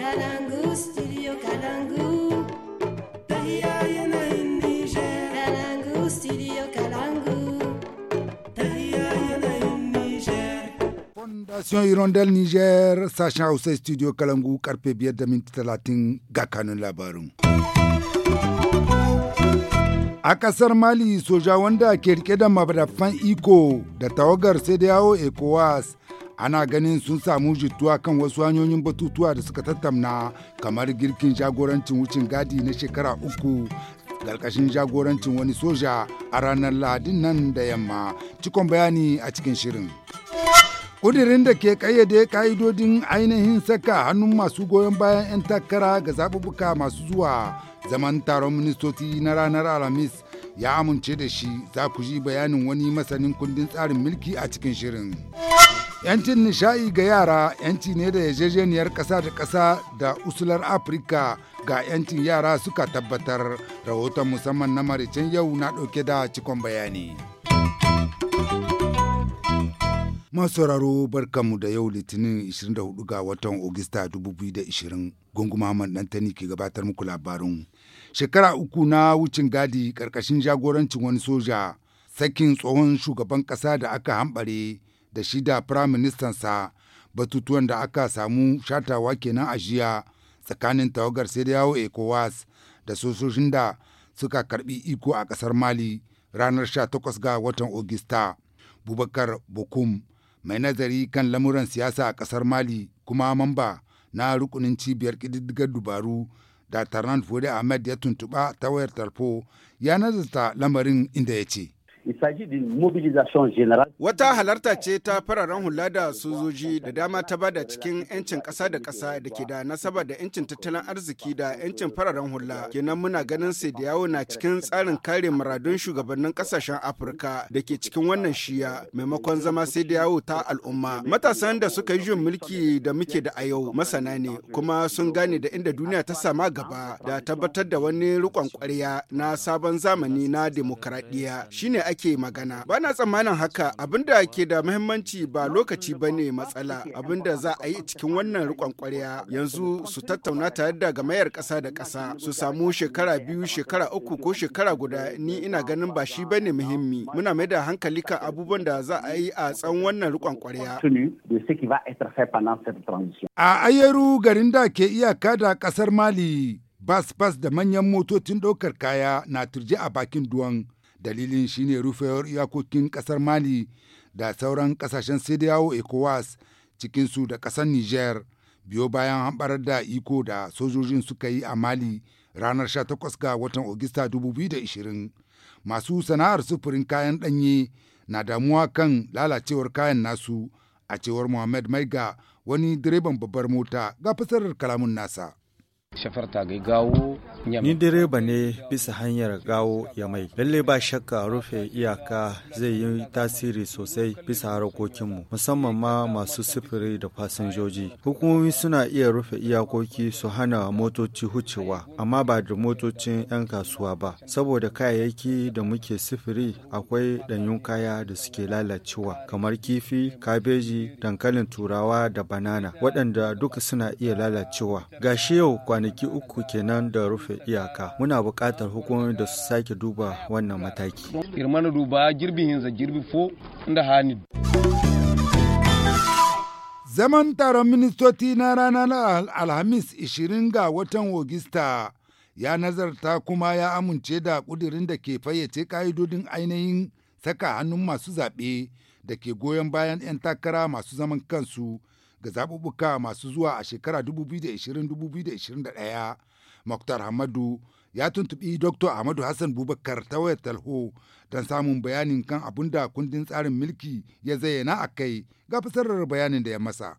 Kalangu, studio Fondation Irondel Niger, sacha Hausa studio Kalangu karfe biyar da minti talatin ga labarin. A ƙasar Mali, soja wanda ke rike da mabadafan iko da tawagar sai da yawo ECOWAS ana ganin sun samu jituwa kan wasu hanyoyin batutuwa da suka tattauna kamar girkin jagorancin wucin gadi na shekara uku ƙarƙashin jagorancin wani soja a ranar lahadin nan da yamma cikon bayani a cikin shirin ƙudirin da ke ƙayyade ka'idodin ainihin saka hannun masu goyon bayan 'yan takara ga zaɓuɓɓuka masu zuwa zaman taron ministoci na ranar alhamis ya amince da shi za ku ji bayanin wani masanin kundin tsarin mulki a cikin shirin. yancin nishaɗi ga yara yanci ne da yarjejeniyar ƙasa da ƙasa da usular afirka ga yancin yara suka tabbatar rahoton musamman na maricin yau na ɗauke da cikon bayani Masararo barkanmu da yau litinin 24 ga watan ogista 2020 gunguma Mandantani ke gabatar muku labarin shekara uku na wucin gadi ƙarƙashin jagorancin wani soja sakin tsohon shugaban ƙasa da aka hambare da shi da firaministansa batutuwan da aka samu shatawa kenan a jiya tsakanin tawagar sai da ecowas da sososhin da suka karbi iko a kasar mali ranar 18 ga watan ogista bubakar Bukum mai nazari kan lamuran siyasa a kasar mali kuma mamba na rukunin cibiyar ƙididdigar dubaru da tarnan fure ahmed ya tuntuba ta wayar tarfo ya nazarta lamarin inda ya ce Wata halarta ce ta fararen hula da sojoji da dama ta bada cikin 'yancin kasa da ƙasa da ke da nasaba da 'yancin tattalin arziki da 'yancin fararen hula. Kenan muna ganin sai da yawo na cikin tsarin kare muradun shugabannin ƙasashen Afirka da ke cikin wannan shiya maimakon zama sai da yawo ta al'umma. Matasan da suka yi jin mulki da muke da a yau masana ne kuma sun gane da inda duniya ta sama gaba da tabbatar da wani riƙon ƙwarya na sabon zamani na demokaradiyya shine ake magana. Ba na tsammanin haka abinda ke da muhimmanci ba lokaci ba ne matsala abinda za a yi cikin wannan rikon kwarya yanzu su tattauna tare da mayar ƙasa da ƙasa su samu shekara biyu shekara uku ko shekara guda ni ina ganin ba shi bane muhimmi muna mai da hankali kan abubuwan da za a yi a tsan wannan rikon kwarya. A Ayaru garin da ke iyaka da ƙasar Mali bas bas da manyan motocin ɗaukar kaya na turje a bakin duwan dalilin shine rufewar iyakokin kasar mali da sauran kasashen sai da yawo ecowas cikinsu da kasar niger biyo bayan hambarar da iko da sojojin suka yi a mali ranar 18 ga watan Ogista 2020 masu sana'ar sufurin kayan ɗanye na damuwa kan lalacewar kayan nasu a cewar Mohamed Maiga wani direban babbar mota ga fasarar kalamun nasa. Ni direba ne bisa hanyar gawo ya mai. Lalle ba shakka rufe iyaka zai yi tasiri sosai bisa harkokinmu, musamman ma masu sufuri da fasinjoji. Hukumomi suna iya rufe iyakoki su hana motoci hucewa, amma ba da motocin 'yan kasuwa ba. Saboda kayayyaki da muke sufuri akwai ɗanyun kaya da suke lalacewa, kamar kifi, kabeji, dankalin turawa da banana, waɗanda duka suna iya lalacewa. Gashi yau kwanaki uku kenan da rufe iyaka muna buƙatar hukumomi da su sake duba wannan mataki zaman taron ministoci na ranar alhamis 20 ga watan ogista ya nazarta kuma ya amince da ƙudirin da ke fayyace ka'idodin ainihin saka hannun masu zaɓe da ke goyon bayan 'yan takara masu zaman kansu ga zaɓuɓɓuka masu zuwa a shekara 2020-2021 Muktar Hamadu ya tuntuɓi Dr. Ahmadu Hassan Bubakar ta wayar talho don samun bayanin kan abin da kundin tsarin mulki ya zayyana a kai ga fasarar bayanin da ya masa.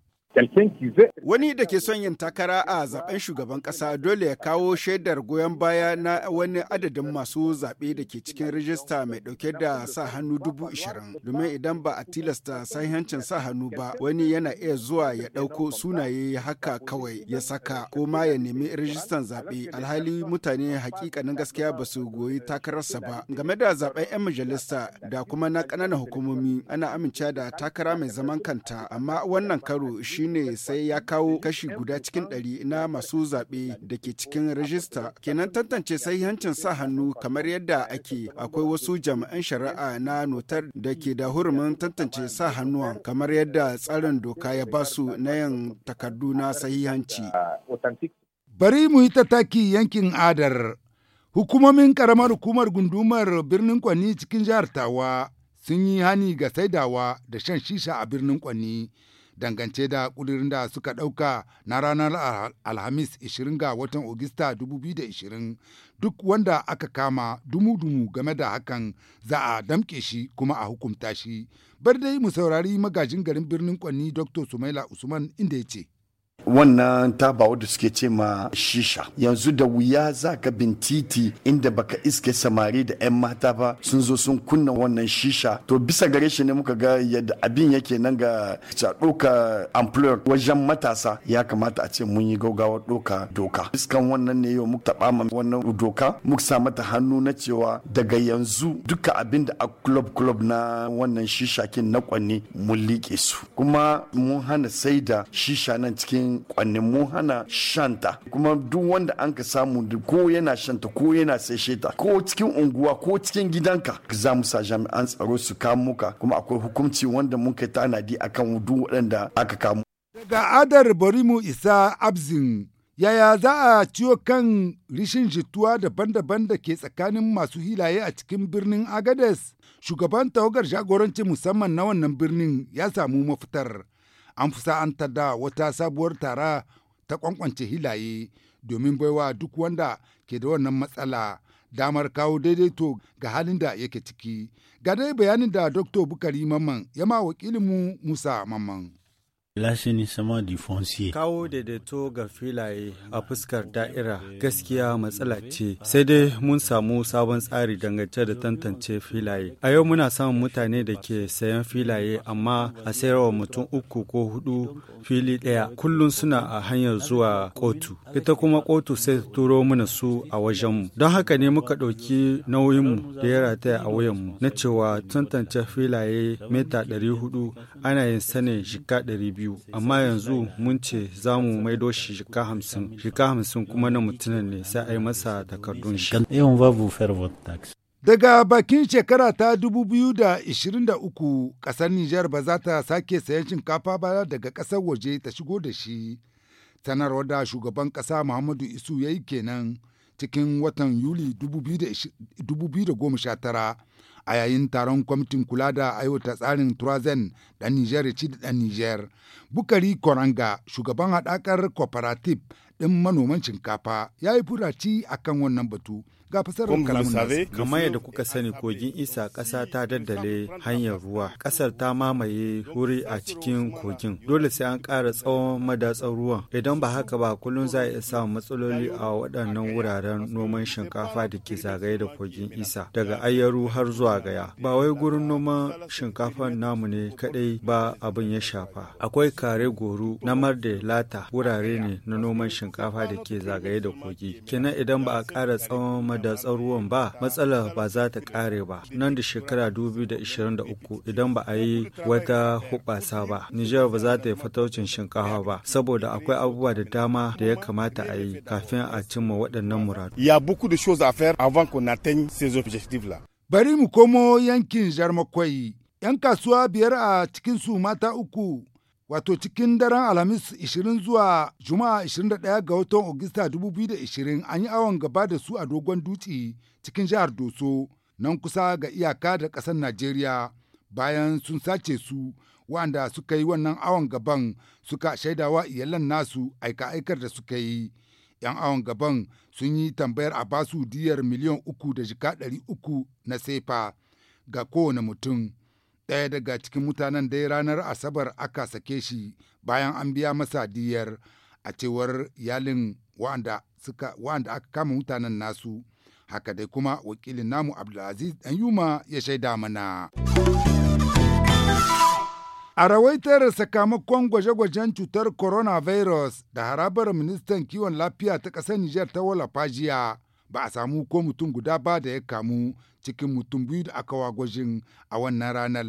Wani da ke son yin takara a zaben shugaban kasa dole ya kawo shaidar goyon baya na wani adadin masu zaɓe da ke cikin rijista mai ɗauke da sa hannu dubu ishirin. Domin idan ba a tilasta sahihancin sa hannu ba wani yana iya zuwa ya ɗauko sunaye haka kawai ya saka ko ma ya nemi rijistan zaɓe alhali mutane hakikanin gaskiya ba su goyi takararsa ba. Game da zaben 'yan majalisa da kuma na ƙananan hukumomi ana amince da takara mai zaman kanta amma wannan karo shi shine sai ya kawo kashi guda cikin ɗari na masu zaɓe da ke cikin rajista. Kenan tantance sahihancin sa hannu kamar yadda ake akwai wasu jami'an shari'a na notar da ke da hurumin tantance sa hannuwa kamar yadda tsarin doka ya ba su na yin takardu na sahihanci. Bari mu yi taki yankin adar. Hukumomin karamar hukumar gundumar birnin Kwani cikin jihar Tawa sun yi hani ga saidawa da shan shisha a birnin Kwani dangance da ƙudurin da suka ɗauka na ranar Alhamis 20 ga watan Ogista 2020 duk wanda aka kama dumu-dumu game da hakan za a damƙe shi kuma a hukumta shi. Bar dai mu saurari magajin garin birnin Kwanni Dr. Sumaila Usman inda ya ce. wannan tabawa da suke ce ma shisha yanzu da wuya za ka bin titi inda baka iske samari da 'yan mata ba sun zo sun kunna wannan shisha to bisa gare shi ne muka ga yadda abin yake nan ga ɗoka employer wajen matasa ya kamata a ce mun yi gaugawa ɗoka doka iskan wannan ne yau muka taɓa ma wannan doka muka sa mata hannu na cewa daga yanzu duka abin da a club club na wannan shisha kin na kwanne mun liƙe su kuma mun hana saida shisha nan cikin wajen kwannin mun hana shanta kuma duk wanda an ka samu ko yana shanta ko yana sai ta ko cikin unguwa ko cikin gidanka za mu sa jami'an tsaro su kamo ka kuma akwai hukunci wanda mun kai tanadi akan duk waɗanda aka kamo. Daga adar bari mu isa abzin yaya za a ciwo kan rishin jituwa daban-daban da ke tsakanin masu hilaye a cikin birnin agades shugaban tawagar jagorancin musamman na wannan birnin ya samu mafitar an fusa'anta da wata sabuwar tara ta kwankwance hilaye domin baiwa duk wanda ke da wannan matsala damar kawo daidaito ga halin da yake ciki. Ga dai bayanin da Dr. Bukari Mamman ya ma wakilinmu Musa Mamman. Kawo daidaito ga filaye a fuskar da'ira gaskiya matsala ce, sai dai mun samu sabon tsari dangance da tantance filaye. A yau muna samun mutane da ke sayan filaye amma a sayarwa mutum uku ko hudu fili ɗaya kullum suna a hanyar zuwa kotu. Ita kuma kotu sai turo mana su a wajenmu. Don haka ne muka ɗauki nauyinmu da ya rataya a mu na cewa tantance filaye mita 400 ana yin sanin shika 200. biyu amma yanzu mun ce za mu maido shi shika hamsin shika hamsin kuma na mutumin ne sai a yi masa takardun shi daga bakin shekara ta 2023 kasar Nijar ba za ta sake sayan shinkafa ba daga kasar waje ta shigo da shi sanarwar da shugaban kasa Muhammadu Isu ya yi kenan cikin watan Yuli 2019 a yayin taron kwamitin kula da aiwata tsarin turazen dan Niger ya ci da dan Niger. Bukari Koranga, shugaban haɗakar cooperative ɗin manoman shinkafa, ya yi furaci akan wannan batu. ga fasarar kalamun kamar yadda kuka sani kogin isa ƙasa ta daddale hanyar ruwa ƙasar ta mamaye wuri a cikin kogin dole sai an ƙara tsawon madatsar ruwa. idan ba haka ba kullum za a samu matsaloli a waɗannan wuraren noman shinkafa da ke zagaye da kogin isa daga ayyaru har zuwa gaya ba wai gurin noman shinkafa namu ne kaɗai ba abin ya shafa akwai kare goro na marde lata wurare ne na noman shinkafa da ke zagaye da kogi kenan idan ba a ƙara tsawon da tsaruwan ba matsala ba za ta kare ba nan da shekara 2023 idan ba a yi wata hubasa ba Nijar ba za ta yi fataucin shinkafa ba saboda akwai abubuwa da dama da ya kamata a yi kafin a cimma waɗannan muradu. Ya beaucoup de choses à avant qu'on atteigne ces objectifs là. Bari mu komo yankin Jarmakwai. 'Yan kasuwa biyar a cikin su mata uku wato cikin daren alhamis 20 zuwa juma'a 21 ga watan Ogista 2020 an yi awon gaba da su a dogon dutse cikin jihar Doso nan kusa ga iyaka da ƙasar Najeriya bayan sun sace su wanda suka yi wannan awon gaban suka shaidawa iyalan nasu aika-aikar da suka yi. 'Yan awon gaban sun yi tambayar a basu diyar miliyan uku da jika ɗari uku na sefa ga kowane mutum. ɗaya daga cikin mutanen dai ranar asabar aka sake shi bayan an biya masa diyar a cewar iyalin wa'anda aka kama mutanen nasu haka dai kuma wakilin namu abdulaziz dan yuma ya shaida mana a rawaitar sakamakon gwaje-gwajen cutar coronavirus da harabar ministan kiwon lafiya ta ƙasar niger ta wallafa jiya ba a samu ko mutum guda ba da ya kamu cikin mutum biyu da aka wagwajin a wannan ranar.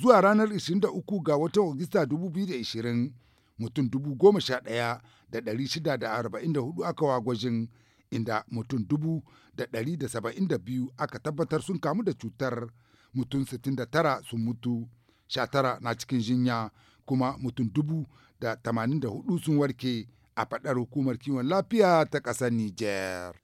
Zuwa ranar 23 ga watan Agusta 2020 mutum 11,644 aka wagwajin inda mutum 1,172 aka tabbatar sun kamu da cutar mutum 69 sun mutu 19 na cikin jinya kuma mutum 84 sun warke. a faɗar hukumar kiwon lafiya ta ƙasar Nijar.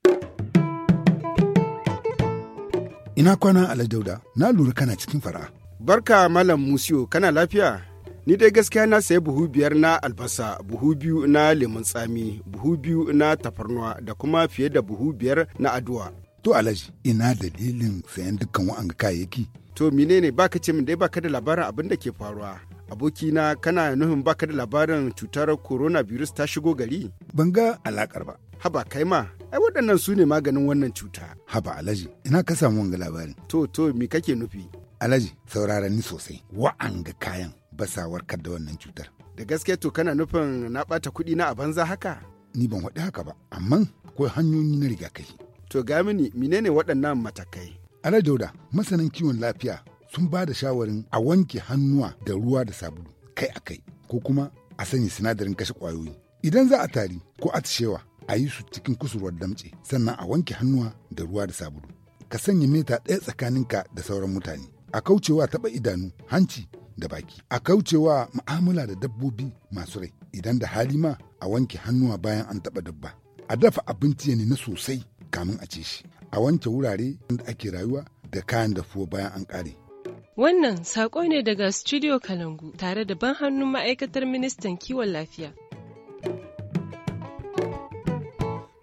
Ina kwana Dauda, na lura kana cikin fara. Barka Malam Musiyo, kana lafiya? ni dai gaskiya na sayi buhu biyar na albasa buhu biyu na lemun tsami buhu biyu na tafarnuwa da kuma fiye da buhu biyar na aduwa to alaji ina dalilin sayan dukkan wa'an kayayyaki to menene baka ce min dai baka da labarin abin da ke faruwa abokina kana nufin baka da labarin cutar coronavirus ta shigo gari? Ban ga alakar ba. Haba kai ma, ai waɗannan su ne maganin wannan cuta. Haba Alhaji, ina ka samu wanga labarin. To, to, me kake nufi? Alhaji, sauraron ni sosai, wa'anga kayan basawar da wannan cutar. Da gaske to kana nufin na bata kuɗi na a banza haka? Ni ban waɗi haka ba, amma akwai hanyoyi na rigakafi. To ga mini, menene waɗannan matakai? Alhaji Dauda, masanin kiwon lafiya sun ba da shawarin a wanke hannuwa da ruwa da sabulu kai a kai ko kuma a sanya sinadarin kashe kwayoyi. idan za a tari ko atishewa a yi su cikin kusurwar damce sannan a wanke hannuwa da ruwa da sabulu ka sanya mita ɗaya tsakaninka da sauran mutane a kaucewa taɓa idanu hanci da baki a kaucewa mu'amala da dabbobi masu rai idan da hali ma a wanke hannuwa bayan an taɓa dabba a dafa abinci ya na sosai kamin a ce shi a wanke wurare da ake rayuwa da kayan dafuwa bayan an ƙare Wannan saƙo ne daga Studio Kalangu tare da ban hannun ma'aikatar ministan kiwon lafiya.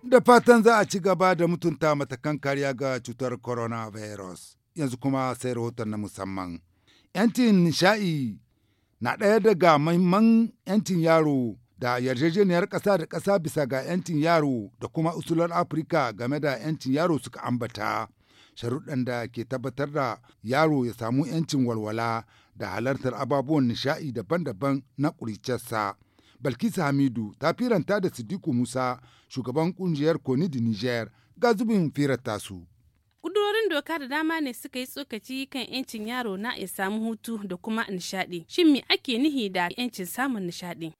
Da fatan za a ci gaba da mutunta matakan kariya ga cutar coronavirus. Yanzu kuma sai rahoton na musamman. 'Yancin nisha'i na ɗaya daga mahimman 'yancin yaro da yarjejeniyar ƙasa da ƙasa bisa ga 'yancin yaro da kuma usular Afirka game da 'yancin yaro suka ambata. sharuɗan da ke tabbatar da yaro ya samu 'yancin walwala da halartar ababuwan nishaɗi daban-daban na ƙuricarsa. Balkisa Hamidu ta firanta da Sidiku Musa, shugaban ƙungiyar Konidi Niger, ga zubin firar tasu. doka da dama ne suka yi tsokaci kan 'yancin yaro na ya samu hutu da kuma nishaɗi. Shin me ake nihi da 'yancin samun nishaɗi?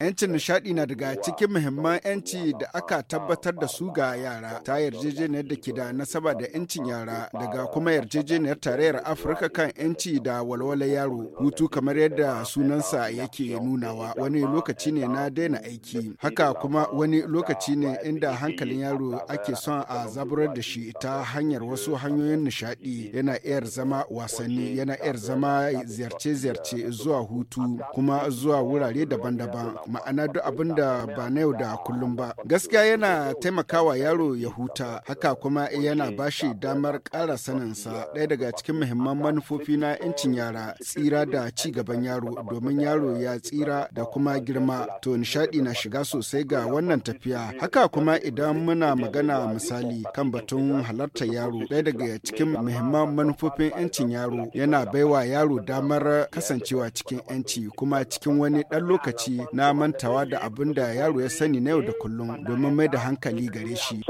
'Yancin nishaɗi na daga cikin muhimman 'yanci da aka tabbatar da su ga yara ta yarjejeniyar da ke da nasaba da 'yancin yara daga kuma yarjejeniyar tarayyar Afirka kan 'yanci da walwala yaro hutu kamar yadda sunansa yake nunawa wani lokaci ne na daina aiki haka kuma wani lokaci ne inda hankalin yaro ake son a zaburar da shi ta hanyar wasu hanyoyin nishaɗi yana iyar zama wasanni yana iyar zama ziyarce-ziyarce zuwa hutu kuma zuwa wurare daban-daban ma'ana duk abin da ba na yau da kullum ba gaskiya yana taimakawa yaro ya huta haka kuma yana bashi damar ƙara saninsa ɗaya daga cikin muhimman manufofi na 'yancin yara tsira da ci gaban yaro domin yaro ya tsira da kuma girma to nishaɗi na shiga sosai ga wannan tafiya haka kuma idan muna magana misali kan batun tun halarta yaro ɗaya daga cikin muhimman manufofin 'yancin yaro yana baiwa yaro damar kasancewa cikin 'yanci kuma cikin wani ɗan lokaci na mantawa da abin da yaro ya sani na yau da kullum domin mai da hankali gare shi.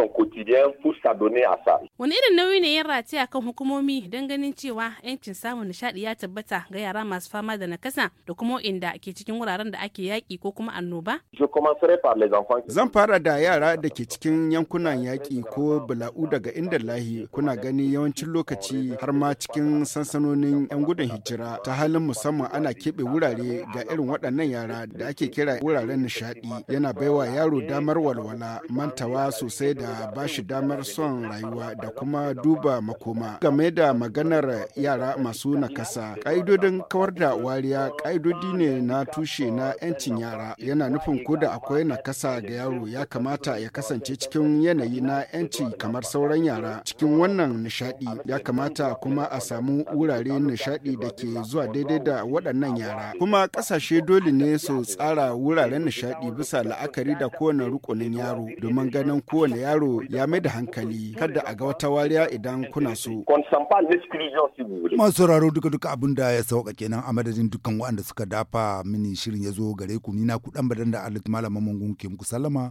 Wani irin nauyi ne ya rataya kan hukumomi don ganin cewa 'yancin samun nishaɗi ya tabbata ga yara masu fama da nakasa da kuma inda ke cikin wuraren da ake yaƙi ko kuma annoba? Zan fara da yara da ke cikin yankunan yaƙi ko bala'u daga inda lahi kuna gani yawancin lokaci har ma cikin sansanonin 'yan gudun hijira ta halin musamman ana keɓe wurare ga irin waɗannan yara da ake kira wuraren nishaɗi yana baiwa yaro damar walwala mantawa sosai da bashi damar son rayuwa da kuma duba makoma game da maganar yara masu nakasa ƙa'idodin kawar da wariya ƙa'idodi ne na tushe na 'yancin yara yana nufin ko da akwai nakasa ga yaro ya kamata ya kasance cikin yanayi na 'yanci kamar sauran yara cikin wannan nishadi ya kamata kuma a samu wurare nishadi da ke zuwa daidai da waɗannan yara kuma ƙasashe dole ne su tsara wuraren nishadi bisa la'akari da kowane rukunin yaro domin ganin kowane yaro ya mai da hankali kada a ga wata wariya idan kuna so masu sauraro duka duka abin da ya sauka kenan a madadin dukkan waɗanda suka dafa mini shirin ya zo gare ku ni na kuɗan badan da alit malamin mungun ke muku sallama